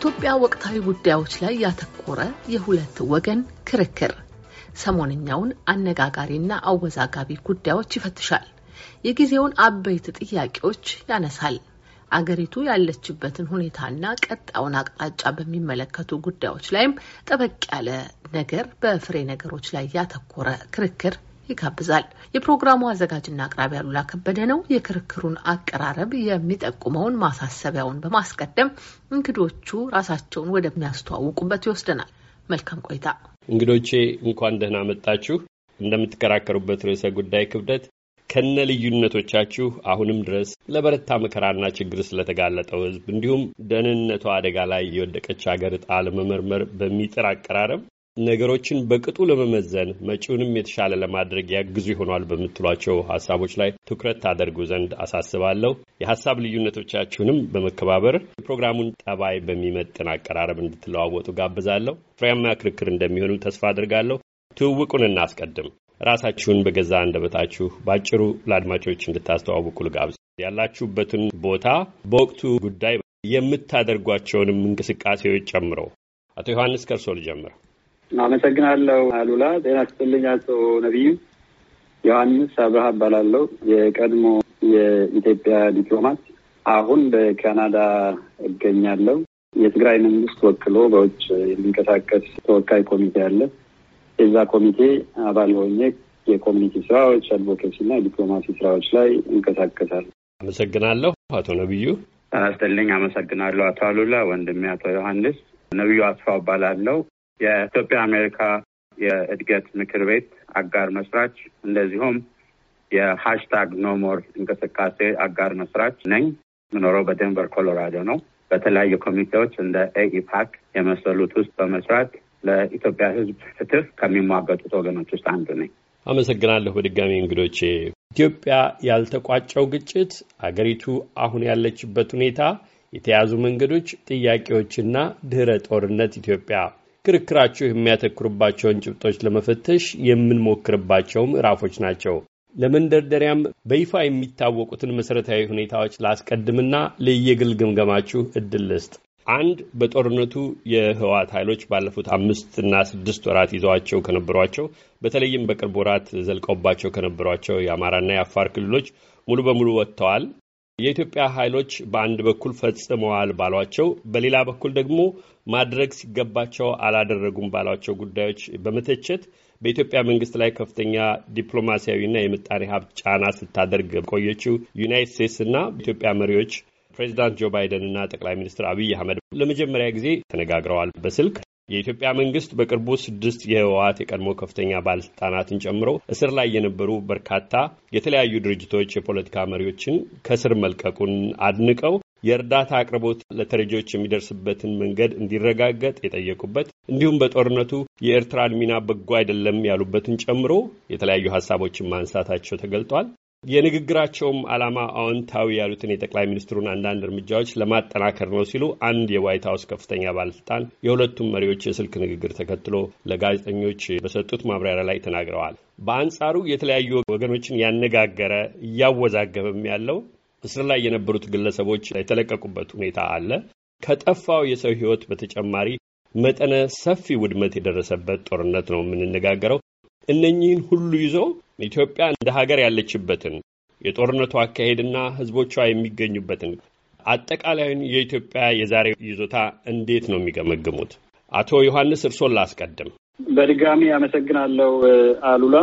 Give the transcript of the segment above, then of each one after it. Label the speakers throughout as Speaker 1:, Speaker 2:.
Speaker 1: በኢትዮጵያ ወቅታዊ ጉዳዮች ላይ ያተኮረ የሁለት ወገን ክርክር ሰሞንኛውን አነጋጋሪና አወዛጋቢ ጉዳዮች ይፈትሻል። የጊዜውን አበይት ጥያቄዎች ያነሳል። አገሪቱ ያለችበትን ሁኔታና ቀጣውን አቅጣጫ በሚመለከቱ ጉዳዮች ላይም ጠበቅ ያለ ነገር በፍሬ ነገሮች ላይ ያተኮረ ክርክር ይጋብዛል። የፕሮግራሙ አዘጋጅና አቅራቢ አሉላ ከበደ ነው። የክርክሩን አቀራረብ የሚጠቁመውን ማሳሰቢያውን በማስቀደም እንግዶቹ ራሳቸውን ወደሚያስተዋውቁበት ይወስደናል። መልካም ቆይታ። እንግዶቼ እንኳን ደህና መጣችሁ። እንደምትከራከሩበት ርዕሰ ጉዳይ ክብደት ከነ ልዩነቶቻችሁ አሁንም ድረስ ለበረታ መከራና ችግር ስለተጋለጠው ሕዝብ እንዲሁም ደህንነቷ አደጋ ላይ የወደቀች ሀገር ዕጣ ለመመርመር በሚጥር አቀራረብ ነገሮችን በቅጡ ለመመዘን መጪውንም የተሻለ ለማድረግ ያግዙ ይሆኗል በምትሏቸው ሀሳቦች ላይ ትኩረት ታደርጉ ዘንድ አሳስባለሁ። የሀሳብ ልዩነቶቻችሁንም በመከባበር የፕሮግራሙን ጠባይ በሚመጥን አቀራረብ እንድትለዋወጡ ጋብዛለሁ። ፍሬያማ ክርክር እንደሚሆኑ ተስፋ አድርጋለሁ። ትውውቁን እናስቀድም። ራሳችሁን በገዛ እንደበታችሁ ባጭሩ ለአድማጮች እንድታስተዋውቁ ልጋብዝ። ያላችሁበትን ቦታ በወቅቱ ጉዳይ የምታደርጓቸውንም እንቅስቃሴዎች ጨምሮ አቶ ዮሐንስ ከርሶ ልጀምር።
Speaker 2: አመሰግናለሁ አሉላ። ጤና ይስጥልኝ አቶ ነቢዩ። ዮሐንስ አብርሃ እባላለሁ። የቀድሞ የኢትዮጵያ ዲፕሎማት፣ አሁን በካናዳ እገኛለሁ። የትግራይ መንግስት ወክሎ በውጭ የሚንቀሳቀስ ተወካይ ኮሚቴ አለ። የዛ ኮሚቴ አባል ሆኜ የኮሚኒቲ ስራዎች፣ አድቮኬሲ እና የዲፕሎማሲ ስራዎች ላይ
Speaker 3: እንቀሳቀሳለሁ። አመሰግናለሁ አቶ ነቢዩ። ጤና ይስጥልኝ። አመሰግናለሁ አቶ አሉላ። ወንድሜ አቶ ዮሐንስ ነቢዩ አስፋው እባላለሁ። የኢትዮጵያ አሜሪካ የእድገት ምክር ቤት አጋር መስራች እንደዚሁም የሀሽታግ ኖሞር እንቅስቃሴ አጋር መስራች ነኝ። ምኖረው በደንቨር ኮሎራዶ ነው። በተለያዩ ኮሚቴዎች እንደ ኤኢፓክ የመሰሉት ውስጥ በመስራት ለኢትዮጵያ ሕዝብ ፍትህ ከሚሟገጡት ወገኖች ውስጥ አንዱ ነኝ።
Speaker 1: አመሰግናለሁ። በድጋሚ እንግዶቼ ኢትዮጵያ ያልተቋጨው ግጭት፣ አገሪቱ አሁን ያለችበት ሁኔታ፣ የተያዙ መንገዶች፣ ጥያቄዎችና ድህረ ጦርነት ኢትዮጵያ ክርክራችሁ የሚያተኩርባቸውን ጭብጦች ለመፈተሽ የምንሞክርባቸው ምዕራፎች ናቸው። ለመንደርደሪያም በይፋ የሚታወቁትን መሠረታዊ ሁኔታዎች ላስቀድምና ለየግል ግምገማችሁ እድል ልስጥ። አንድ በጦርነቱ የህወሓት ኃይሎች ባለፉት አምስትና ስድስት ወራት ይዘዋቸው ከነበሯቸው በተለይም በቅርብ ወራት ዘልቀውባቸው ከነበሯቸው የአማራና የአፋር ክልሎች ሙሉ በሙሉ ወጥተዋል። የኢትዮጵያ ኃይሎች በአንድ በኩል ፈጽመዋል ባሏቸው፣ በሌላ በኩል ደግሞ ማድረግ ሲገባቸው አላደረጉም ባሏቸው ጉዳዮች በመተቸት በኢትዮጵያ መንግስት ላይ ከፍተኛ ዲፕሎማሲያዊና የምጣኔ ሀብት ጫና ስታደርግ ቆየችው ዩናይት ስቴትስ እና ኢትዮጵያ መሪዎች ፕሬዚዳንት ጆ ባይደን እና ጠቅላይ ሚኒስትር አብይ አህመድ ለመጀመሪያ ጊዜ ተነጋግረዋል በስልክ። የኢትዮጵያ መንግስት በቅርቡ ስድስት የህወሓት የቀድሞ ከፍተኛ ባለስልጣናትን ጨምሮ እስር ላይ የነበሩ በርካታ የተለያዩ ድርጅቶች የፖለቲካ መሪዎችን ከስር መልቀቁን አድንቀው የእርዳታ አቅርቦት ለተረጂዎች የሚደርስበትን መንገድ እንዲረጋገጥ የጠየቁበት እንዲሁም በጦርነቱ የኤርትራን ሚና በጎ አይደለም ያሉበትን ጨምሮ የተለያዩ ሀሳቦችን ማንሳታቸው ተገልጧል። የንግግራቸውም ዓላማ አዎንታዊ ያሉትን የጠቅላይ ሚኒስትሩን አንዳንድ እርምጃዎች ለማጠናከር ነው ሲሉ አንድ የዋይት ሀውስ ከፍተኛ ባለስልጣን የሁለቱም መሪዎች የስልክ ንግግር ተከትሎ ለጋዜጠኞች በሰጡት ማብራሪያ ላይ ተናግረዋል። በአንጻሩ የተለያዩ ወገኖችን ያነጋገረ እያወዛገበም ያለው እስር ላይ የነበሩት ግለሰቦች የተለቀቁበት ሁኔታ አለ። ከጠፋው የሰው ሕይወት በተጨማሪ መጠነ ሰፊ ውድመት የደረሰበት ጦርነት ነው የምንነጋገረው። እነኚህን ሁሉ ይዞ ኢትዮጵያ እንደ ሀገር ያለችበትን የጦርነቱ አካሄድና ህዝቦቿ የሚገኙበትን አጠቃላዩን የኢትዮጵያ የዛሬ ይዞታ እንዴት ነው የሚገመግሙት? አቶ ዮሐንስ እርሶን ላስቀድም።
Speaker 2: በድጋሚ አመሰግናለሁ አሉላ።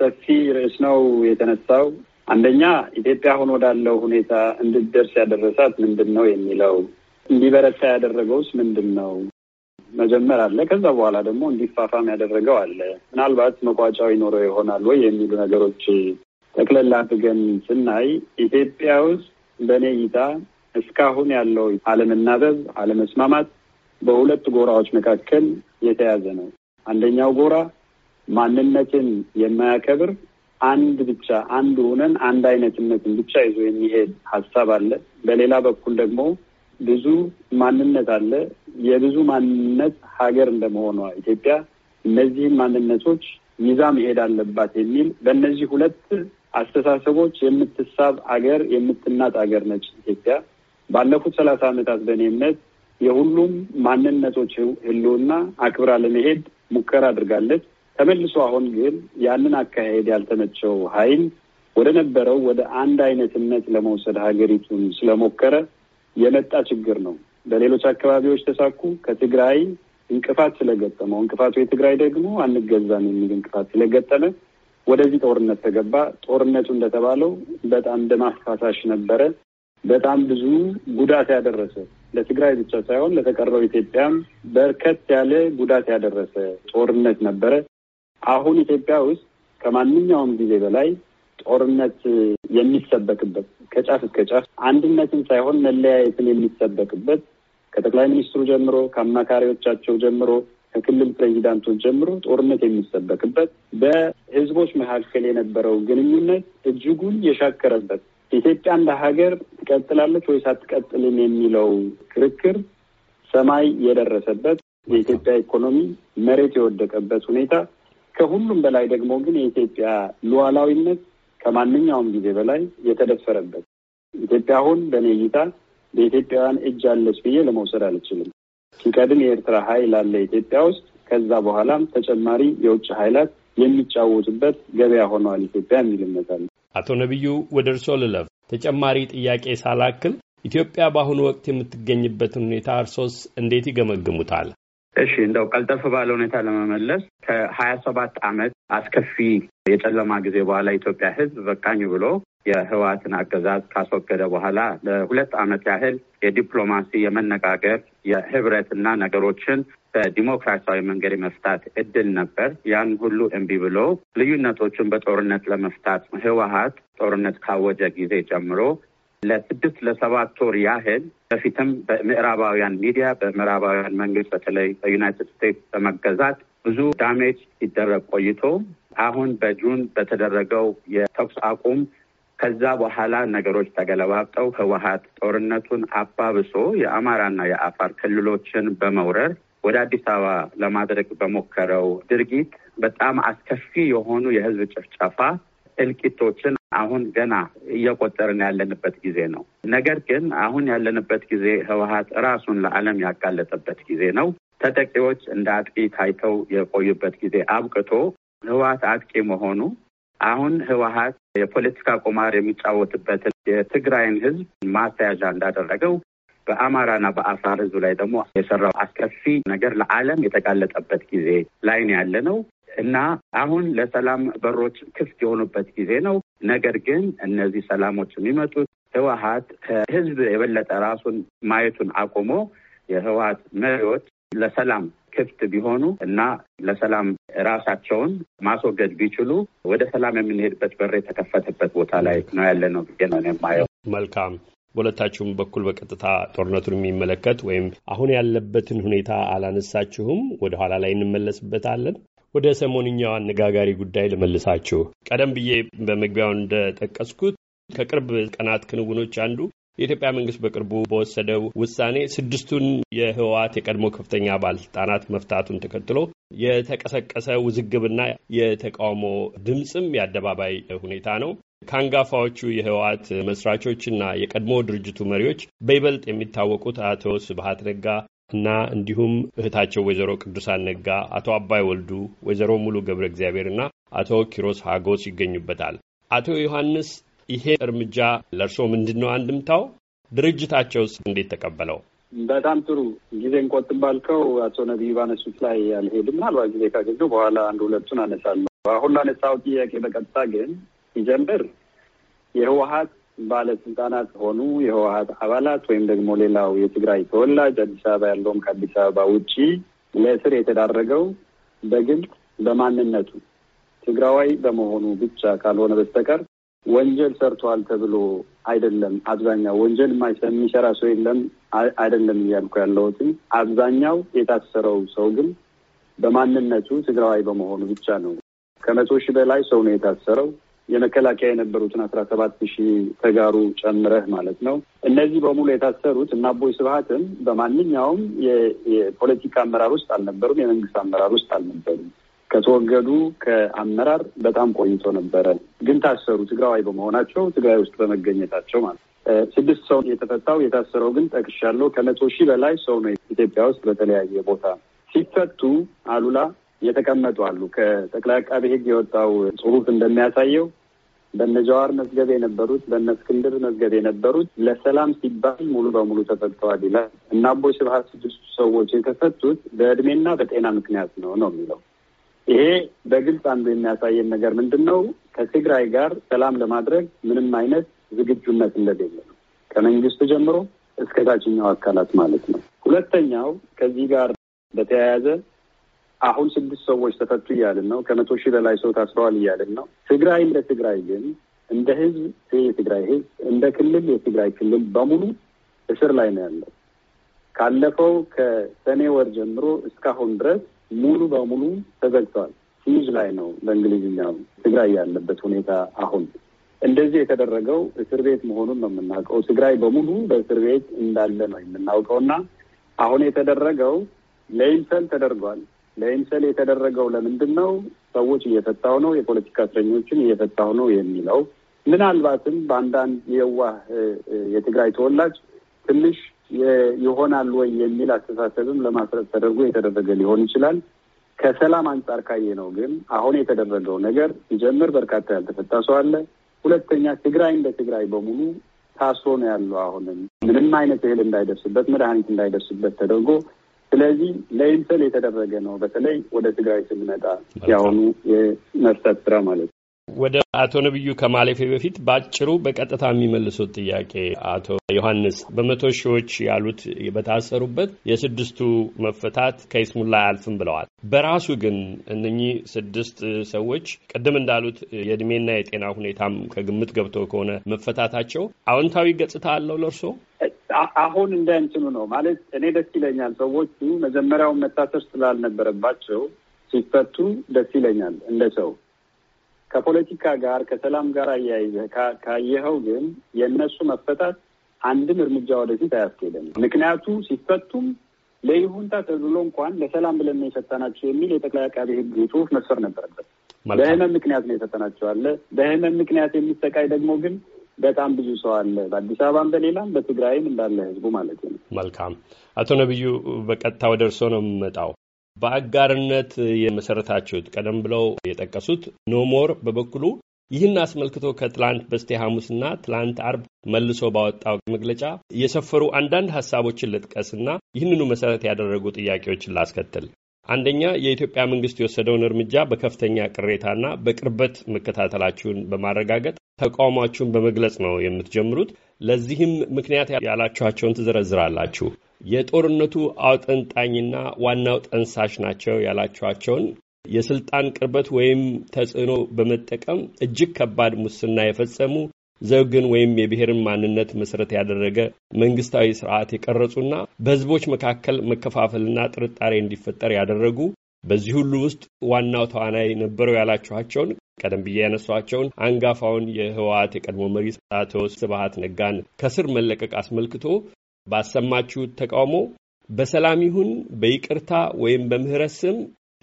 Speaker 2: ሰፊ ርዕስ ነው የተነሳው። አንደኛ ኢትዮጵያ አሁን ወዳለው ሁኔታ እንድትደርስ ያደረሳት ምንድን ነው የሚለው እንዲበረታ ያደረገውስ ምንድን ነው መጀመር አለ። ከዛ በኋላ ደግሞ እንዲፋፋም ያደረገው አለ። ምናልባት መቋጫው ይኖረው ይሆናል ወይ የሚሉ ነገሮች ጠቅለል አድርገን ስናይ ኢትዮጵያ ውስጥ በእኔ እይታ እስካሁን ያለው አለመናበብ፣ አለመስማማት በሁለት ጎራዎች መካከል የተያዘ ነው። አንደኛው ጎራ ማንነትን የማያከብር አንድ ብቻ አንድ ሆነን አንድ አይነትነትን ብቻ ይዞ የሚሄድ ሀሳብ አለ። በሌላ በኩል ደግሞ ብዙ ማንነት አለ። የብዙ ማንነት ሀገር እንደመሆኗ ኢትዮጵያ እነዚህን ማንነቶች ይዛ መሄድ አለባት የሚል በእነዚህ ሁለት አስተሳሰቦች የምትሳብ አገር የምትናጥ አገር ነች ኢትዮጵያ። ባለፉት ሰላሳ ዓመታት በእኔ እምነት የሁሉም ማንነቶች ህልውና አክብራ ለመሄድ ሙከራ አድርጋለች። ተመልሶ አሁን ግን ያንን አካሄድ ያልተመቸው ኃይል ወደ ነበረው ወደ አንድ አይነትነት ለመውሰድ ሀገሪቱን ስለሞከረ የመጣ ችግር ነው። በሌሎች አካባቢዎች ተሳኩ። ከትግራይ እንቅፋት ስለገጠመው እንቅፋቱ የትግራይ ደግሞ አንገዛም የሚል እንቅፋት ስለገጠመ ወደዚህ ጦርነት ተገባ። ጦርነቱ እንደተባለው በጣም ደም አፋሳሽ ነበረ። በጣም ብዙ ጉዳት ያደረሰ ለትግራይ ብቻ ሳይሆን ለተቀረው ኢትዮጵያም በርከት ያለ ጉዳት ያደረሰ ጦርነት ነበረ። አሁን ኢትዮጵያ ውስጥ ከማንኛውም ጊዜ በላይ ጦርነት የሚሰበክበት ከጫፍ እስከ ጫፍ አንድነትን ሳይሆን መለያየትን የሚሰበክበት ከጠቅላይ ሚኒስትሩ ጀምሮ ከአማካሪዎቻቸው ጀምሮ ከክልል ፕሬዚዳንቶች ጀምሮ ጦርነት የሚሰበክበት በህዝቦች መካከል የነበረው ግንኙነት እጅጉን የሻከረበት ኢትዮጵያ እንደ ሀገር ትቀጥላለች ወይስ አትቀጥልም የሚለው ክርክር ሰማይ የደረሰበት የኢትዮጵያ ኢኮኖሚ መሬት የወደቀበት ሁኔታ ከሁሉም በላይ ደግሞ ግን የኢትዮጵያ ሉዓላዊነት ከማንኛውም ጊዜ በላይ የተደፈረበት ኢትዮጵያ አሁን በእኔ እይታ በኢትዮጵያውያን እጅ አለች ብዬ ለመውሰድ አልችልም። ሲቀድም የኤርትራ ኃይል አለ ኢትዮጵያ ውስጥ። ከዛ በኋላም ተጨማሪ የውጭ ኃይላት የሚጫወቱበት ገበያ ሆነዋል ኢትዮጵያ የሚል እምነት አለ።
Speaker 1: አቶ ነቢዩ ወደ እርሶ ልለፍ። ተጨማሪ ጥያቄ ሳላክል ኢትዮጵያ በአሁኑ ወቅት የምትገኝበትን ሁኔታ እርሶስ እንዴት ይገመግሙታል?
Speaker 3: እሺ እንደው ቀልጠፍ ባለ ሁኔታ ለመመለስ ከሀያ ሰባት አመት አስከፊ የጨለማ ጊዜ በኋላ የኢትዮጵያ ህዝብ በቃኝ ብሎ የህወሓትን አገዛዝ ካስወገደ በኋላ ለሁለት ዓመት ያህል የዲፕሎማሲ የመነጋገር የህብረትና ነገሮችን በዲሞክራሲያዊ መንገድ የመፍታት እድል ነበር። ያን ሁሉ እምቢ ብሎ ልዩነቶችን በጦርነት ለመፍታት ህወሓት ጦርነት ካወጀ ጊዜ ጀምሮ ለስድስት ለሰባት ወር ያህል በፊትም በምዕራባውያን ሚዲያ በምዕራባውያን መንግስት በተለይ በዩናይትድ ስቴትስ በመገዛት ብዙ ዳሜጅ ሲደረግ ቆይቶ አሁን በጁን በተደረገው የተኩስ አቁም ከዛ በኋላ ነገሮች ተገለባብጠው ህወሀት ጦርነቱን አባብሶ የአማራና የአፋር ክልሎችን በመውረር ወደ አዲስ አበባ ለማድረግ በሞከረው ድርጊት በጣም አስከፊ የሆኑ የህዝብ ጭፍጨፋ እልቂቶችን አሁን ገና እየቆጠርን ያለንበት ጊዜ ነው። ነገር ግን አሁን ያለንበት ጊዜ ህወሀት ራሱን ለዓለም ያጋለጠበት ጊዜ ነው። ተጠቂዎች እንደ አጥቂ ታይተው የቆዩበት ጊዜ አብቅቶ ህወሀት አጥቂ መሆኑ አሁን ህወሀት የፖለቲካ ቁማር የሚጫወትበትን የትግራይን ህዝብ ማስተያዣ እንዳደረገው በአማራና በአፋር ህዝብ ላይ ደግሞ የሰራው አስከፊ ነገር ለዓለም የተጋለጠበት ጊዜ ላይ ነው ያለ ነው። እና አሁን ለሰላም በሮች ክፍት የሆኑበት ጊዜ ነው። ነገር ግን እነዚህ ሰላሞች የሚመጡት ህወሀት ከህዝብ የበለጠ ራሱን ማየቱን አቁሞ የህወሀት መሪዎች ለሰላም ክፍት ቢሆኑ እና ለሰላም ራሳቸውን ማስወገድ ቢችሉ ወደ ሰላም የምንሄድበት በር የተከፈተበት ቦታ ላይ ነው ያለ ነው ብዬ ነው የማየው።
Speaker 1: መልካም። በሁለታችሁም በኩል በቀጥታ ጦርነቱን የሚመለከት ወይም አሁን ያለበትን ሁኔታ አላነሳችሁም፣ ወደኋላ ላይ እንመለስበታለን። ወደ ሰሞንኛው አነጋጋሪ ጉዳይ ልመልሳችሁ። ቀደም ብዬ በመግቢያው እንደጠቀስኩት ከቅርብ ቀናት ክንውኖች አንዱ የኢትዮጵያ መንግስት በቅርቡ በወሰደው ውሳኔ ስድስቱን የህወሓት የቀድሞ ከፍተኛ ባለስልጣናት መፍታቱን ተከትሎ የተቀሰቀሰ ውዝግብና የተቃውሞ ድምፅም የአደባባይ ሁኔታ ነው። ከአንጋፋዎቹ የህወሓት መስራቾችና የቀድሞ ድርጅቱ መሪዎች በይበልጥ የሚታወቁት አቶ ስብሀት ነጋ እና እንዲሁም እህታቸው ወይዘሮ ቅዱሳን ነጋ፣ አቶ አባይ ወልዱ፣ ወይዘሮ ሙሉ ገብረ እግዚአብሔር እና አቶ ኪሮስ ሀጎስ ይገኙበታል። አቶ ዮሐንስ ይሄ እርምጃ ለእርስዎ ምንድን ነው አንድምታው? ድርጅታቸውስ እንዴት ተቀበለው?
Speaker 2: በጣም ጥሩ ጊዜ እንቆጥም ባልከው አቶ ነቢይ ባነሱት ላይ አልሄድም። ምናልባት ጊዜ ካገኘሁ በኋላ አንድ ሁለቱን አነሳለሁ። አሁን ላነሳው ጥያቄ በቀጥታ ግን ሲጀምር የህወሀት ባለስልጣናት ሆኑ የህወሀት አባላት ወይም ደግሞ ሌላው የትግራይ ተወላጅ አዲስ አበባ ያለውም ከአዲስ አበባ ውጪ ለእስር የተዳረገው በግልጽ በማንነቱ ትግራዋይ በመሆኑ ብቻ ካልሆነ በስተቀር ወንጀል ሰርቷል ተብሎ አይደለም። አብዛኛው ወንጀል የሚሰራ ሰው የለም አይደለም እያልኩ ያለሁትም አብዛኛው የታሰረው ሰው ግን በማንነቱ ትግራዋይ በመሆኑ ብቻ ነው። ከመቶ ሺህ በላይ ሰው ነው የታሰረው። የመከላከያ የነበሩትን አስራ ሰባት ሺህ ተጋሩ ጨምረህ ማለት ነው። እነዚህ በሙሉ የታሰሩት እና አቦይ ስብሀትም በማንኛውም የፖለቲካ አመራር ውስጥ አልነበሩም፣ የመንግስት አመራር ውስጥ አልነበሩም። ከተወገዱ ከአመራር በጣም ቆይቶ ነበረ፣ ግን ታሰሩ። ትግራዋይ በመሆናቸው ትግራይ ውስጥ በመገኘታቸው ማለት ነው። ስድስት ሰው የተፈታው የታሰረው ግን ጠቅሻለሁ፣ ከመቶ ሺህ በላይ ሰው ነው ኢትዮጵያ ውስጥ በተለያየ ቦታ ሲፈቱ አሉላ የተቀመጡ አሉ። ከጠቅላይ አቃቢ ሕግ የወጣው ጽሁፍ እንደሚያሳየው በነ ጀዋር መዝገብ የነበሩት በነ እስክንድር መዝገብ የነበሩት ለሰላም ሲባል ሙሉ በሙሉ ተፈተዋል ይላል እና አቦይ ስብሀት ስድስቱ ሰዎች የተፈቱት በእድሜና በጤና ምክንያት ነው ነው የሚለው። ይሄ በግልጽ አንዱ የሚያሳየን ነገር ምንድን ነው? ከትግራይ ጋር ሰላም ለማድረግ ምንም አይነት ዝግጁነት እንደሌለ ነው ከመንግስቱ ጀምሮ እስከ ታችኛው አካላት ማለት ነው። ሁለተኛው ከዚህ ጋር በተያያዘ አሁን ስድስት ሰዎች ተፈቱ እያልን ነው። ከመቶ ሺህ በላይ ሰው ታስረዋል እያልን ነው። ትግራይ እንደ ትግራይ ግን እንደ ህዝብ የትግራይ ህዝብ እንደ ክልል የትግራይ ክልል በሙሉ እስር ላይ ነው ያለው። ካለፈው ከሰኔ ወር ጀምሮ እስካሁን ድረስ ሙሉ በሙሉ ተዘግቷል። ሲዝ ላይ ነው በእንግሊዝኛው ትግራይ ያለበት ሁኔታ። አሁን እንደዚህ የተደረገው እስር ቤት መሆኑን ነው የምናውቀው። ትግራይ በሙሉ በእስር ቤት እንዳለ ነው የምናውቀው እና አሁን የተደረገው ለይምሰል ተደርጓል። ለኢንሰል የተደረገው ለምንድን ነው? ሰዎች እየፈታው ነው፣ የፖለቲካ እስረኞችን እየፈታው ነው የሚለው ምናልባትም በአንዳንድ የዋህ የትግራይ ተወላጅ ትንሽ ይሆናል ወይ የሚል አስተሳሰብም ለማስረት ተደርጎ የተደረገ ሊሆን ይችላል። ከሰላም አንጻር ካየ ነው ግን አሁን የተደረገው ነገር ሲጀምር በርካታ ያልተፈታ ሰው አለ። ሁለተኛ ትግራይ እንደ ትግራይ በሙሉ ታስሮ ነው ያለው። አሁንም ምንም አይነት እህል እንዳይደርስበት፣ መድኃኒት እንዳይደርስበት ተደርጎ ስለዚህ ለኢንተል የተደረገ ነው። በተለይ ወደ ትግራይ ስንመጣ ያሁኑ የመርሰት ስራ ማለት
Speaker 1: ወደ አቶ ነብዩ ከማለፌ በፊት በአጭሩ በቀጥታ የሚመልሱት ጥያቄ አቶ ዮሐንስ በመቶ ሺዎች ያሉት በታሰሩበት የስድስቱ መፈታት ከይስሙላ አያልፍም ብለዋል። በራሱ ግን እነኚህ ስድስት ሰዎች ቅድም እንዳሉት የእድሜና የጤና ሁኔታም ከግምት ገብቶ ከሆነ መፈታታቸው አዎንታዊ ገጽታ አለው ለእርሶ?
Speaker 2: አሁን እንደ እንትኑ ነው ማለት እኔ ደስ ይለኛል። ሰዎቹ መጀመሪያውን መታሰር ስላልነበረባቸው ሲፈቱ ደስ ይለኛል እንደ ሰው ከፖለቲካ ጋር ከሰላም ጋር አያይዘህ ካየኸው ግን የእነሱ መፈታት አንድም እርምጃ ወደፊት አያስኬድም። ምክንያቱ ሲፈቱም ለይሁንታ ተብሎ እንኳን ለሰላም ብለን ነው የፈታናቸው የሚል የጠቅላይ አቃቤ ሕግ ጽሑፍ መስፈር ነበረበት። በህመም ምክንያት ነው የፈታናቸው አለ። በህመም ምክንያት የሚሰቃይ ደግሞ ግን በጣም ብዙ ሰው አለ፣ በአዲስ አበባም በሌላም በትግራይም እንዳለ ህዝቡ ማለት ነው።
Speaker 1: መልካም አቶ ነቢዩ፣ በቀጥታ ወደ እርስዎ ነው የምመጣው። በአጋርነት የመሰረታችሁት ቀደም ብለው የጠቀሱት ኖሞር በበኩሉ ይህን አስመልክቶ ከትላንት በስቴ ሐሙስና ትላንት አርብ መልሶ ባወጣው መግለጫ የሰፈሩ አንዳንድ ሀሳቦችን ልጥቀስና ይህንኑ መሰረት ያደረጉ ጥያቄዎችን ላስከትል። አንደኛ የኢትዮጵያ መንግስት የወሰደውን እርምጃ በከፍተኛ ቅሬታና በቅርበት መከታተላችሁን በማረጋገጥ ተቃውሟችሁን በመግለጽ ነው የምትጀምሩት። ለዚህም ምክንያት ያላችኋቸውን ትዘረዝራላችሁ። የጦርነቱ አውጠንጣኝና ዋናው ጠንሳሽ ናቸው ያላችኋቸውን የስልጣን ቅርበት ወይም ተጽዕኖ በመጠቀም እጅግ ከባድ ሙስና የፈጸሙ ዘውግን ወይም የብሔርን ማንነት መሰረት ያደረገ መንግስታዊ ስርዓት የቀረጹና በህዝቦች መካከል መከፋፈልና ጥርጣሬ እንዲፈጠር ያደረጉ በዚህ ሁሉ ውስጥ ዋናው ተዋናይ ነበረው ያላችኋቸውን ቀደም ብዬ ያነሷቸውን አንጋፋውን የህወሓት የቀድሞ መሪ አቶ ስብሀት ነጋን ከስር መለቀቅ አስመልክቶ ባሰማችሁት ተቃውሞ በሰላም ይሁን በይቅርታ ወይም በምህረት ስም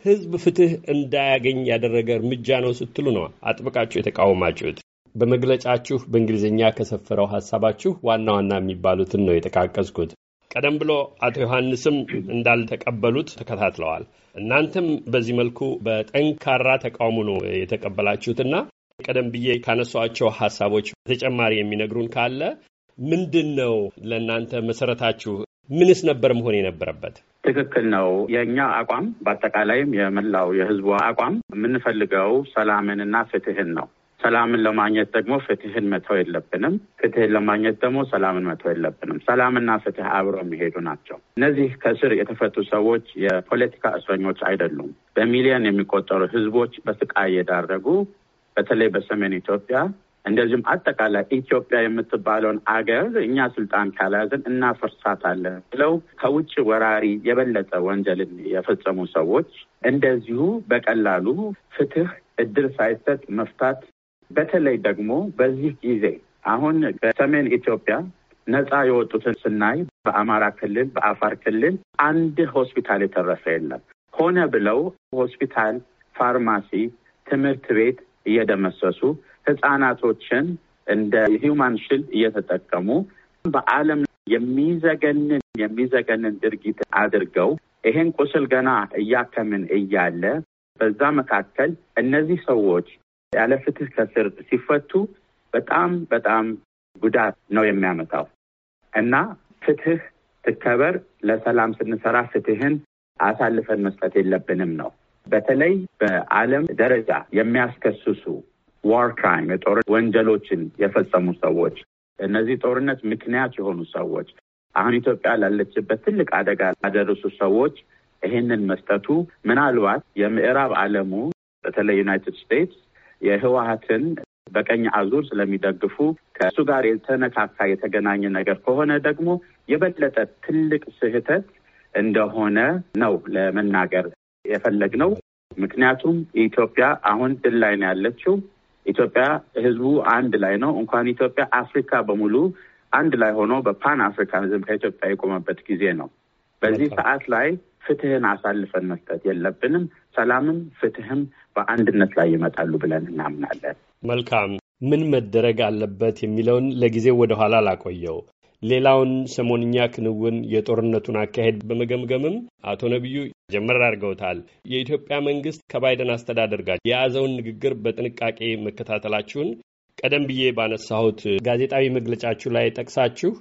Speaker 1: ህዝብ ፍትህ እንዳያገኝ ያደረገ እርምጃ ነው ስትሉ ነው አጥብቃችሁ የተቃወማችሁት። በመግለጫችሁ በእንግሊዝኛ ከሰፈረው ሀሳባችሁ ዋና ዋና የሚባሉትን ነው የጠቃቀስኩት። ቀደም ብሎ አቶ ዮሐንስም እንዳልተቀበሉት ተከታትለዋል። እናንተም በዚህ መልኩ በጠንካራ ተቃውሞ ነው የተቀበላችሁትና ቀደም ብዬ ካነሷቸው ሀሳቦች በተጨማሪ የሚነግሩን ካለ ምንድን ነው ለእናንተ መሰረታችሁ? ምንስ ነበር መሆን የነበረበት?
Speaker 3: ትክክል ነው። የእኛ አቋም በአጠቃላይም የመላው የህዝቡ አቋም የምንፈልገው ሰላምን እና ፍትህን ነው። ሰላምን ለማግኘት ደግሞ ፍትህን መተው የለብንም። ፍትህን ለማግኘት ደግሞ ሰላምን መተው የለብንም። ሰላምና ፍትህ አብረው የሚሄዱ ናቸው። እነዚህ ከእስር የተፈቱ ሰዎች የፖለቲካ እስረኞች አይደሉም። በሚሊዮን የሚቆጠሩ ህዝቦች በስቃይ የዳረጉ በተለይ በሰሜን ኢትዮጵያ እንደዚሁም አጠቃላይ ኢትዮጵያ የምትባለውን አገር እኛ ስልጣን ካልያዝን እናፈርሳታለን ብለው ከውጭ ወራሪ የበለጠ ወንጀልን የፈጸሙ ሰዎች እንደዚሁ በቀላሉ ፍትህ እድል ሳይሰጥ መፍታት በተለይ ደግሞ በዚህ ጊዜ አሁን በሰሜን ኢትዮጵያ ነፃ የወጡትን ስናይ በአማራ ክልል፣ በአፋር ክልል አንድ ሆስፒታል የተረፈ የለም። ሆነ ብለው ሆስፒታል፣ ፋርማሲ፣ ትምህርት ቤት እየደመሰሱ ህጻናቶችን እንደ ሂውማን ሽልድ እየተጠቀሙ በዓለም የሚዘገንን የሚዘገንን ድርጊት አድርገው ይሄን ቁስል ገና እያከምን እያለ በዛ መካከል እነዚህ ሰዎች ያለ ፍትህ ከስር ሲፈቱ በጣም በጣም ጉዳት ነው የሚያመጣው እና ፍትህ ትከበር። ለሰላም ስንሰራ ፍትህን አሳልፈን መስጠት የለብንም ነው። በተለይ በዓለም ደረጃ የሚያስከስሱ ዋር ክራይም የጦር ወንጀሎችን የፈጸሙ ሰዎች፣ እነዚህ ጦርነት ምክንያት የሆኑ ሰዎች፣ አሁን ኢትዮጵያ ላለችበት ትልቅ አደጋ ላደረሱ ሰዎች ይሄንን መስጠቱ ምናልባት የምዕራብ ዓለሙ በተለይ ዩናይትድ ስቴትስ የህወሀትን በቀኝ አዙር ስለሚደግፉ ከእሱ ጋር የተነካካ የተገናኘ ነገር ከሆነ ደግሞ የበለጠ ትልቅ ስህተት እንደሆነ ነው ለመናገር የፈለግነው። ምክንያቱም የኢትዮጵያ አሁን ድል ላይ ነው ያለችው። ኢትዮጵያ ህዝቡ አንድ ላይ ነው። እንኳን ኢትዮጵያ አፍሪካ በሙሉ አንድ ላይ ሆኖ በፓን አፍሪካኒዝም ከኢትዮጵያ የቆመበት ጊዜ ነው። በዚህ ሰዓት ላይ ፍትህን አሳልፈን መስጠት የለብንም። ሰላምም ፍትህም በአንድነት ላይ ይመጣሉ ብለን እናምናለን።
Speaker 1: መልካም ምን መደረግ አለበት የሚለውን ለጊዜ ወደ ኋላ ላቆየው። ሌላውን ሰሞንኛ ክንውን የጦርነቱን አካሄድ በመገምገምም አቶ ነቢዩ ጀመር አድርገውታል። የኢትዮጵያ መንግስት ከባይደን አስተዳደር ጋር የያዘውን ንግግር በጥንቃቄ መከታተላችሁን ቀደም ብዬ ባነሳሁት ጋዜጣዊ መግለጫችሁ ላይ ጠቅሳችሁ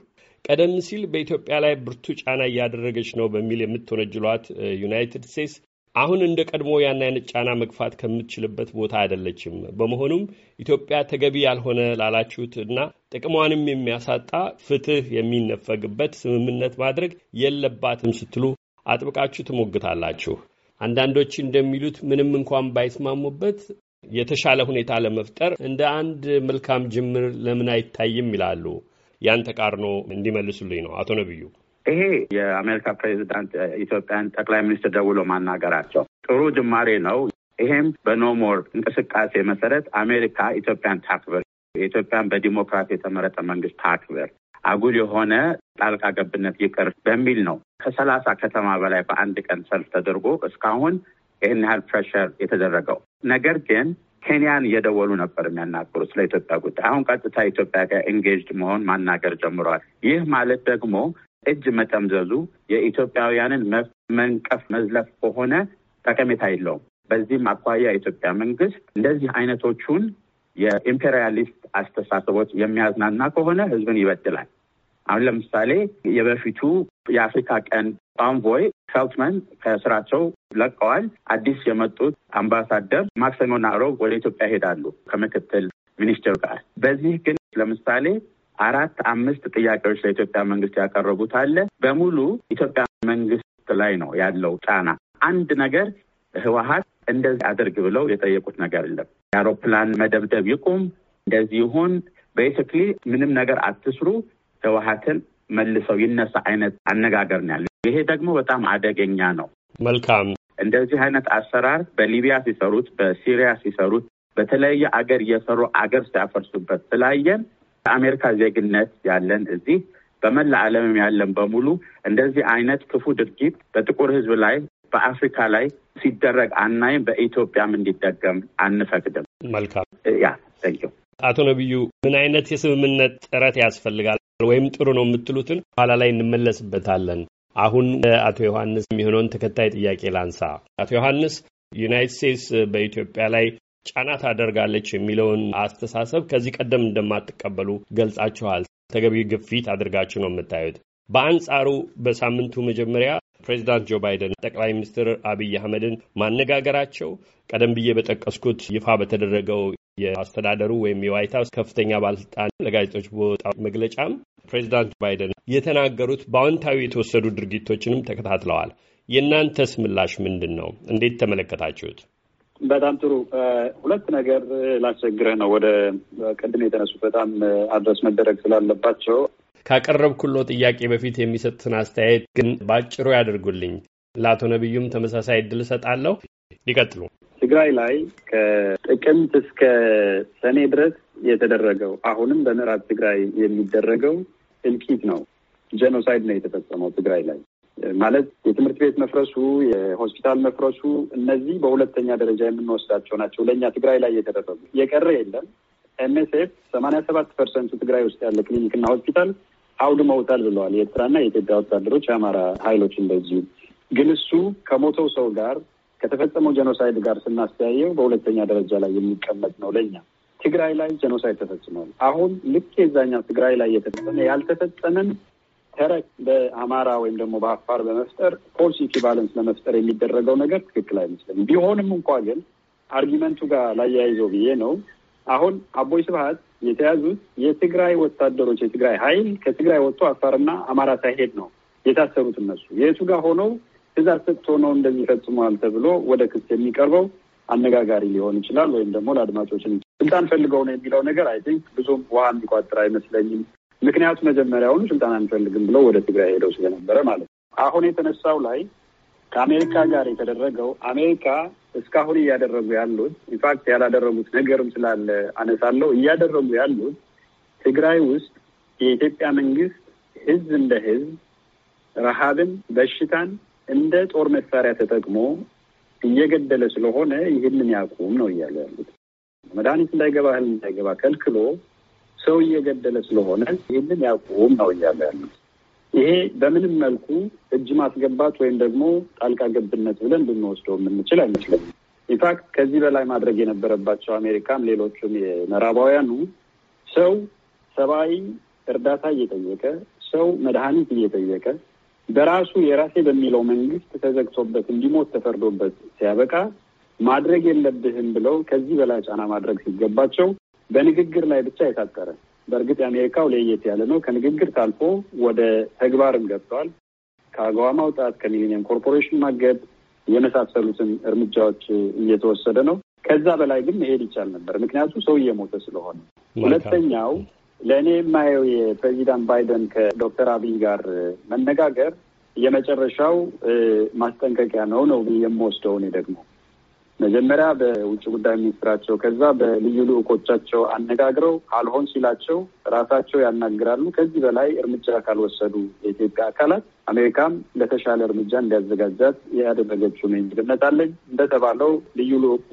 Speaker 1: ቀደም ሲል በኢትዮጵያ ላይ ብርቱ ጫና እያደረገች ነው በሚል የምትወነጅሏት ዩናይትድ ስቴትስ አሁን እንደ ቀድሞ ያን አይነት ጫና መግፋት ከምትችልበት ቦታ አይደለችም። በመሆኑም ኢትዮጵያ ተገቢ ያልሆነ ላላችሁት እና ጥቅሟንም የሚያሳጣ ፍትህ የሚነፈግበት ስምምነት ማድረግ የለባትም ስትሉ አጥብቃችሁ ትሞግታላችሁ። አንዳንዶች እንደሚሉት ምንም እንኳን ባይስማሙበት የተሻለ ሁኔታ ለመፍጠር እንደ አንድ መልካም ጅምር ለምን አይታይም ይላሉ። ያን ተቃርኖ እንዲመልሱልኝ ነው አቶ ነቢዩ።
Speaker 3: ይሄ የአሜሪካ ፕሬዚዳንት ኢትዮጵያን ጠቅላይ ሚኒስትር ደውሎ ማናገራቸው ጥሩ ጅማሬ ነው። ይሄም በኖሞር እንቅስቃሴ መሰረት አሜሪካ ኢትዮጵያን ታክብር፣ የኢትዮጵያን በዲሞክራሲ የተመረጠ መንግስት ታክብር፣ አጉል የሆነ ጣልቃ ገብነት ይቅር በሚል ነው ከሰላሳ ከተማ በላይ በአንድ ቀን ሰልፍ ተደርጎ እስካሁን ይህን ያህል ፕሬሸር የተደረገው ነገር ግን ኬንያን እየደወሉ ነበር የሚያናገሩ ስለ ኢትዮጵያ ጉዳይ። አሁን ቀጥታ ኢትዮጵያ ጋር ኤንጌጅድ መሆን ማናገር ጀምረዋል። ይህ ማለት ደግሞ እጅ መጠምዘዙ የኢትዮጵያውያንን መብት መንቀፍ መዝለፍ ከሆነ ጠቀሜታ የለውም። በዚህም አኳያ የኢትዮጵያ መንግስት እንደዚህ አይነቶቹን የኢምፔሪያሊስት አስተሳሰቦች የሚያዝናና ከሆነ ህዝብን ይበድላል። አሁን ለምሳሌ የበፊቱ የአፍሪካ ቀንድ ፓንቮይ ፌልትመን ከስራቸው ለቀዋል። አዲስ የመጡት አምባሳደር ማክሰኞና ሮብ ወደ ኢትዮጵያ ይሄዳሉ ከምክትል ሚኒስቴሩ ጋር። በዚህ ግን ለምሳሌ አራት አምስት ጥያቄዎች ለኢትዮጵያ መንግስት ያቀረቡት አለ። በሙሉ ኢትዮጵያ መንግስት ላይ ነው ያለው ጫና። አንድ ነገር ህወሀት እንደዚህ አድርግ ብለው የጠየቁት ነገር የለም። የአውሮፕላን መደብደብ ይቁም፣ እንደዚህ ይሁን፣ ቤሲክሊ ምንም ነገር አትስሩ፣ ህወሀትን መልሰው ይነሳ አይነት አነጋገር ነው ያለ። ይሄ ደግሞ በጣም አደገኛ ነው። መልካም እንደዚህ አይነት አሰራር በሊቢያ ሲሰሩት፣ በሲሪያ ሲሰሩት፣ በተለያየ አገር እየሰሩ አገር ሲያፈርሱበት ስላየን አሜሪካ ዜግነት ያለን እዚህ በመላ ዓለምም ያለን በሙሉ እንደዚህ አይነት ክፉ ድርጊት በጥቁር ሕዝብ ላይ በአፍሪካ ላይ ሲደረግ አናይም። በኢትዮጵያም እንዲደገም አንፈቅድም። መልካም ያ
Speaker 1: አቶ ነቢዩ ምን አይነት የስምምነት ጥረት ያስፈልጋል ወይም ጥሩ ነው የምትሉትን ኋላ ላይ እንመለስበታለን። አሁን አቶ ዮሐንስ የሚሆነውን ተከታይ ጥያቄ ላንሳ። አቶ ዮሐንስ ዩናይትድ ስቴትስ በኢትዮጵያ ላይ ጫና ታደርጋለች የሚለውን አስተሳሰብ ከዚህ ቀደም እንደማትቀበሉ ገልጻችኋል። ተገቢ ግፊት አድርጋችሁ ነው የምታዩት። በአንጻሩ በሳምንቱ መጀመሪያ ፕሬዚዳንት ጆ ባይደን ጠቅላይ ሚኒስትር አብይ አህመድን ማነጋገራቸው ቀደም ብዬ በጠቀስኩት ይፋ በተደረገው የአስተዳደሩ ወይም የዋይት ሀውስ ከፍተኛ ባለስልጣን ለጋዜጦች በወጣ መግለጫም ፕሬዚዳንት ባይደን የተናገሩት በአዎንታዊ የተወሰዱ ድርጊቶችንም ተከታትለዋል። የእናንተስ ምላሽ ምንድን ነው? እንዴት ተመለከታችሁት?
Speaker 2: በጣም ጥሩ። ሁለት ነገር ላስቸግረህ ነው። ወደ ቅድም የተነሱት በጣም አድረስ መደረግ ስላለባቸው
Speaker 1: ካቀረብኩሎ ጥያቄ በፊት የሚሰጡትን አስተያየት ግን በአጭሩ ያደርጉልኝ። ለአቶ ነቢዩም ተመሳሳይ እድል እሰጣለሁ። ይቀጥሉ።
Speaker 2: ትግራይ ላይ ከጥቅምት እስከ ሰኔ ድረስ የተደረገው አሁንም በምዕራብ ትግራይ የሚደረገው እልቂት ነው። ጄኖሳይድ ነው የተፈጸመው ትግራይ ላይ ማለት የትምህርት ቤት መፍረሱ፣ የሆስፒታል መፍረሱ እነዚህ በሁለተኛ ደረጃ የምንወስዳቸው ናቸው። ለእኛ ትግራይ ላይ የተደረጉ የቀረ የለም። ኤምኤስኤፍ ሰማንያ ሰባት ፐርሰንቱ ትግራይ ውስጥ ያለ ክሊኒክና ሆስፒታል አውድመውታል ብለዋል። የኤርትራና የኢትዮጵያ ወታደሮች፣ የአማራ ኃይሎች እንደዚሁ። ግን እሱ ከሞተው ሰው ጋር ከተፈጸመው ጀኖሳይድ ጋር ስናስተያየው በሁለተኛ ደረጃ ላይ የሚቀመጥ ነው። ለኛ ትግራይ ላይ ጀኖሳይድ ተፈጽሟል። አሁን ልክ የዛኛ ትግራይ ላይ የተፈጸመ ያልተፈጸመን ተረክ በአማራ ወይም ደግሞ በአፋር በመፍጠር ፖሊሲ ኢኩቫለንስ ለመፍጠር የሚደረገው ነገር ትክክል አይመስለኝም። ቢሆንም እንኳ ግን አርጊመንቱ ጋር ላያይዘው ብዬ ነው። አሁን አቦይ ስብሀት የተያዙት የትግራይ ወታደሮች የትግራይ ኃይል ከትግራይ ወጥቶ አፋርና አማራ ሳይሄድ ነው የታሰሩት። እነሱ የቱ ጋር ሆነው ትእዛዝ ሰጥቶ ነው እንደዚህ ፈጽመዋል ተብሎ ወደ ክስ የሚቀርበው አነጋጋሪ ሊሆን ይችላል። ወይም ደግሞ ለአድማጮችን ስልጣን ፈልገው ነው የሚለው ነገር አይ ቲንክ ብዙም ውሃ የሚቋጥር አይመስለኝም። ምክንያቱ መጀመሪያውኑ ስልጣን አንፈልግም ብለው ወደ ትግራይ ሄደው ስለነበረ ማለት ነው። አሁን የተነሳው ላይ ከአሜሪካ ጋር የተደረገው አሜሪካ እስካሁን እያደረጉ ያሉት ኢንፋክት ያላደረጉት ነገርም ስላለ አነሳለሁ። እያደረጉ ያሉት ትግራይ ውስጥ የኢትዮጵያ መንግስት ህዝብ እንደ ህዝብ ረሃብን፣ በሽታን እንደ ጦር መሳሪያ ተጠቅሞ እየገደለ ስለሆነ ይህንን ያቁም ነው እያሉ ያሉት። መድኃኒት እንዳይገባ እህል እንዳይገባ ከልክሎ ሰው እየገደለ ስለሆነ ይህንን ያቁም ነው እያለ ያሉት። ይሄ በምንም መልኩ እጅ ማስገባት ወይም ደግሞ ጣልቃ ገብነት ብለን ልንወስደው የምንችል አይመስለኝም። ኢንፋክት ከዚህ በላይ ማድረግ የነበረባቸው አሜሪካም ሌሎቹም የምዕራባውያኑ ሰው ሰብአዊ እርዳታ እየጠየቀ ሰው መድኃኒት እየጠየቀ በራሱ የራሴ በሚለው መንግስት ተዘግቶበት እንዲሞት ተፈርዶበት ሲያበቃ ማድረግ የለብህም ብለው ከዚህ በላይ ጫና ማድረግ ሲገባቸው በንግግር ላይ ብቻ የታጠረ በእርግጥ የአሜሪካው ለየት ያለ ነው። ከንግግር ታልፎ ወደ ተግባርም ገብተዋል። ከአገዋ ማውጣት፣ ከሚሊኒየም ኮርፖሬሽን ማገድ የመሳሰሉትን እርምጃዎች እየተወሰደ ነው። ከዛ በላይ ግን መሄድ ይቻል ነበር፣ ምክንያቱ ሰው እየሞተ ስለሆነ።
Speaker 3: ሁለተኛው
Speaker 2: ለእኔ የማየው የፕሬዚዳንት ባይደን ከዶክተር አብይ ጋር መነጋገር የመጨረሻው ማስጠንቀቂያ ነው ነው የምወስደው እኔ ደግሞ መጀመሪያ በውጭ ጉዳይ ሚኒስትራቸው ከዛ በልዩ ልዑኮቻቸው አነጋግረው አልሆን ሲላቸው ራሳቸው ያናግራሉ። ከዚህ በላይ እርምጃ ካልወሰዱ የኢትዮጵያ አካላት አሜሪካም ለተሻለ እርምጃ እንዲያዘጋጃት ያደረገችው ነው የሚልነት አለኝ። እንደተባለው ልዩ ልዑኩ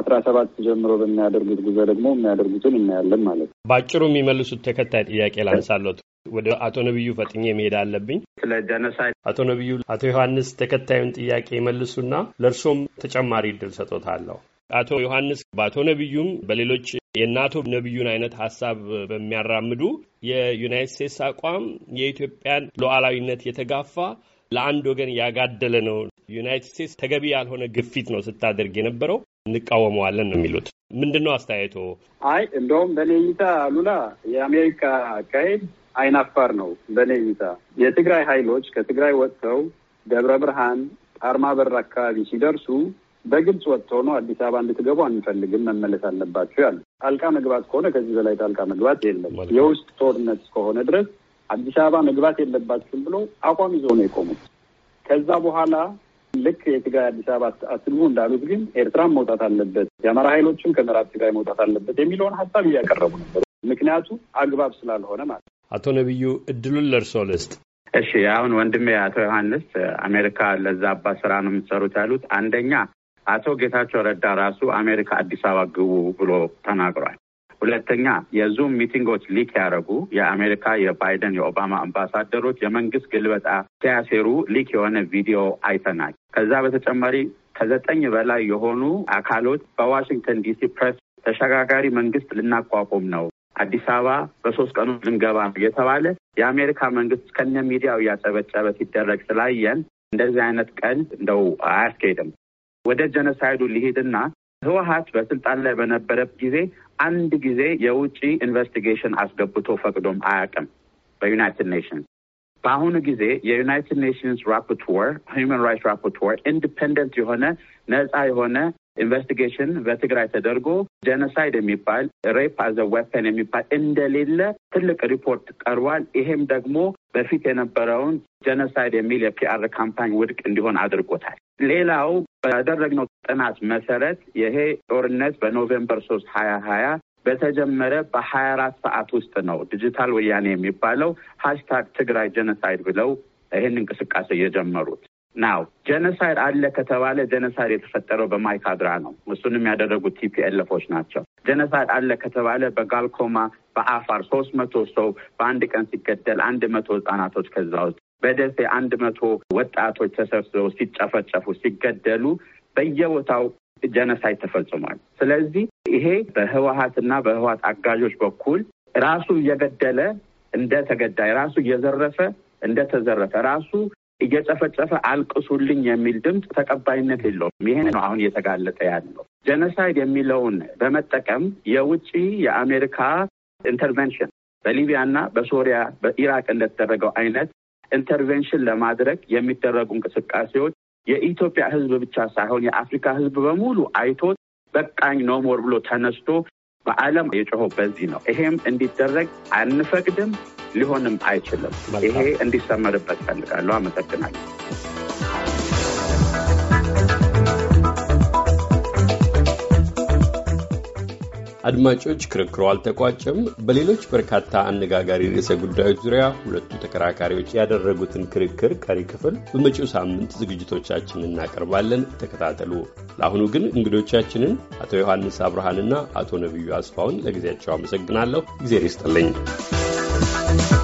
Speaker 2: አስራ ሰባት ጀምሮ በሚያደርጉት ጉዞ ደግሞ የሚያደርጉትን እናያለን ማለት
Speaker 1: ነው። በአጭሩ የሚመልሱት ተከታይ ጥያቄ ላንሳለሁ። ወደ አቶ ነቢዩ ፈጥኜ መሄድ አለብኝ። ስለ ጀኖሳይድ አቶ ነቢዩ፣ አቶ ዮሐንስ ተከታዩን ጥያቄ መልሱና ለእርሶም ተጨማሪ እድል ሰጦታለሁ። አቶ ዮሐንስ በአቶ ነቢዩም በሌሎች የናቶ ነቢዩን አይነት ሀሳብ በሚያራምዱ የዩናይት ስቴትስ አቋም የኢትዮጵያን ሉዓላዊነት የተጋፋ ለአንድ ወገን ያጋደለ ነው፣ ዩናይትድ ስቴትስ ተገቢ ያልሆነ ግፊት ነው ስታደርግ የነበረው እንቃወመዋለን ነው የሚሉት። ምንድን ነው አስተያየቶ?
Speaker 2: አይ እንደውም በኔ እይታ አሉላ የአሜሪካ አካሄድ አይናፋር ነው። በእኔ እይታ የትግራይ ኃይሎች ከትግራይ ወጥተው ደብረ ብርሃን፣ ጣርማ በር አካባቢ ሲደርሱ በግልጽ ወጥተው ነው አዲስ አበባ እንድትገቡ አንፈልግም፣ መመለስ አለባቸው ያሉ። ጣልቃ መግባት ከሆነ ከዚህ በላይ ጣልቃ መግባት የለም። የውስጥ ጦርነት እስከሆነ ድረስ አዲስ አበባ መግባት የለባችሁም ብሎ አቋም ይዞ ነው የቆሙት። ከዛ በኋላ ልክ የትግራይ አዲስ አበባ አስልቡ እንዳሉት ግን ኤርትራም መውጣት አለበት፣ የአማራ ኃይሎችም ከምዕራብ ትግራይ መውጣት አለበት የሚለውን ሀሳብ እያቀረቡ ነበር። ምክንያቱ አግባብ ስላልሆነ ማለት
Speaker 3: አቶ ነቢዩ እድሉን ለእርሶ ልስጥ። እሺ አሁን ወንድሜ አቶ ዮሐንስ አሜሪካ ለዛ አባ ስራ ነው የምትሰሩት ያሉት አንደኛ አቶ ጌታቸው ረዳ ራሱ አሜሪካ አዲስ አበባ ግቡ ብሎ ተናግሯል። ሁለተኛ የዙም ሚቲንጎች ሊክ ያደረጉ የአሜሪካ የባይደን የኦባማ አምባሳደሮች የመንግስት ግልበጣ ሲያሴሩ ሊክ የሆነ ቪዲዮ አይተናል። ከዛ በተጨማሪ ከዘጠኝ በላይ የሆኑ አካሎች በዋሽንግተን ዲሲ ፕሬስ ተሸጋጋሪ መንግስት ልናቋቁም ነው አዲስ አበባ በሶስት ቀኑ ልንገባ ነው የተባለ የአሜሪካ መንግስት ከነ ሚዲያው እያጨበጨበ ሲደረግ ስላየን እንደዚህ አይነት ቀን እንደው አያስኬድም። ወደ ጀነሳይዱ ሊሄድና ህወሀት በስልጣን ላይ በነበረ ጊዜ አንድ ጊዜ የውጭ ኢንቨስቲጌሽን አስገብቶ ፈቅዶም አያውቅም በዩናይትድ ኔሽንስ። በአሁኑ ጊዜ የዩናይትድ ኔሽንስ ራፖርተር ሂውማን ራይትስ ራፖርተር ኢንዲፐንደንት የሆነ ነፃ የሆነ ኢንቨስቲጌሽን በትግራይ ተደርጎ ጀነሳይድ የሚባል ሬፕ አዘ ዌፐን የሚባል እንደሌለ ትልቅ ሪፖርት ቀርቧል። ይሄም ደግሞ በፊት የነበረውን ጀነሳይድ የሚል የፒአር ካምፓኝ ውድቅ እንዲሆን አድርጎታል። ሌላው ባደረግነው ጥናት መሰረት ይሄ ጦርነት በኖቬምበር ሶስት ሀያ ሀያ በተጀመረ በሀያ አራት ሰዓት ውስጥ ነው ዲጂታል ወያኔ የሚባለው ሀሽታግ ትግራይ ጀነሳይድ ብለው ይህን እንቅስቃሴ የጀመሩት ናው ጀነሳይድ አለ ከተባለ ጀነሳይድ የተፈጠረው በማይካድራ ነው። እሱንም ያደረጉት ቲፒኤልፎች ናቸው። ጀነሳይድ አለ ከተባለ በጋልኮማ በአፋር ሶስት መቶ ሰው በአንድ ቀን ሲገደል አንድ መቶ ህጻናቶች ከዛ ውስጥ በደሴ አንድ መቶ ወጣቶች ተሰብስበው ሲጨፈጨፉ ሲገደሉ በየቦታው ጀነሳይድ ተፈጽሟል። ስለዚህ ይሄ በህወሀትና በህወሀት አጋዦች በኩል ራሱ እየገደለ እንደ ተገዳይ ራሱ እየዘረፈ እንደተዘረፈ ራሱ እየጨፈጨፈ አልቅሱልኝ የሚል ድምፅ ተቀባይነት የለውም። ይሄን ነው አሁን እየተጋለጠ ያለው። ጀነሳይድ የሚለውን በመጠቀም የውጭ የአሜሪካ ኢንተርቬንሽን በሊቢያና በሶሪያ በኢራቅ እንደተደረገው አይነት ኢንተርቬንሽን ለማድረግ የሚደረጉ እንቅስቃሴዎች የኢትዮጵያ ሕዝብ ብቻ ሳይሆን የአፍሪካ ሕዝብ በሙሉ አይቶት በቃኝ ኖ ሞር ብሎ ተነስቶ በዓለም የጮኸው በዚህ ነው። ይሄም እንዲደረግ አንፈቅድም። ሊሆንም አይችልም። ይሄ እንዲሰመርበት ፈልጋለሁ። አመሰግናለሁ።
Speaker 1: አድማጮች፣ ክርክሩ አልተቋጨም። በሌሎች በርካታ አነጋጋሪ ርዕሰ ጉዳዮች ዙሪያ ሁለቱ ተከራካሪዎች ያደረጉትን ክርክር ቀሪ ክፍል በመጪው ሳምንት ዝግጅቶቻችን እናቀርባለን። ተከታተሉ። ለአሁኑ ግን እንግዶቻችንን አቶ ዮሐንስ አብርሃንና አቶ ነቢዩ አስፋውን ለጊዜያቸው አመሰግናለሁ። እግዜር ይስጥልኝ። Thank you.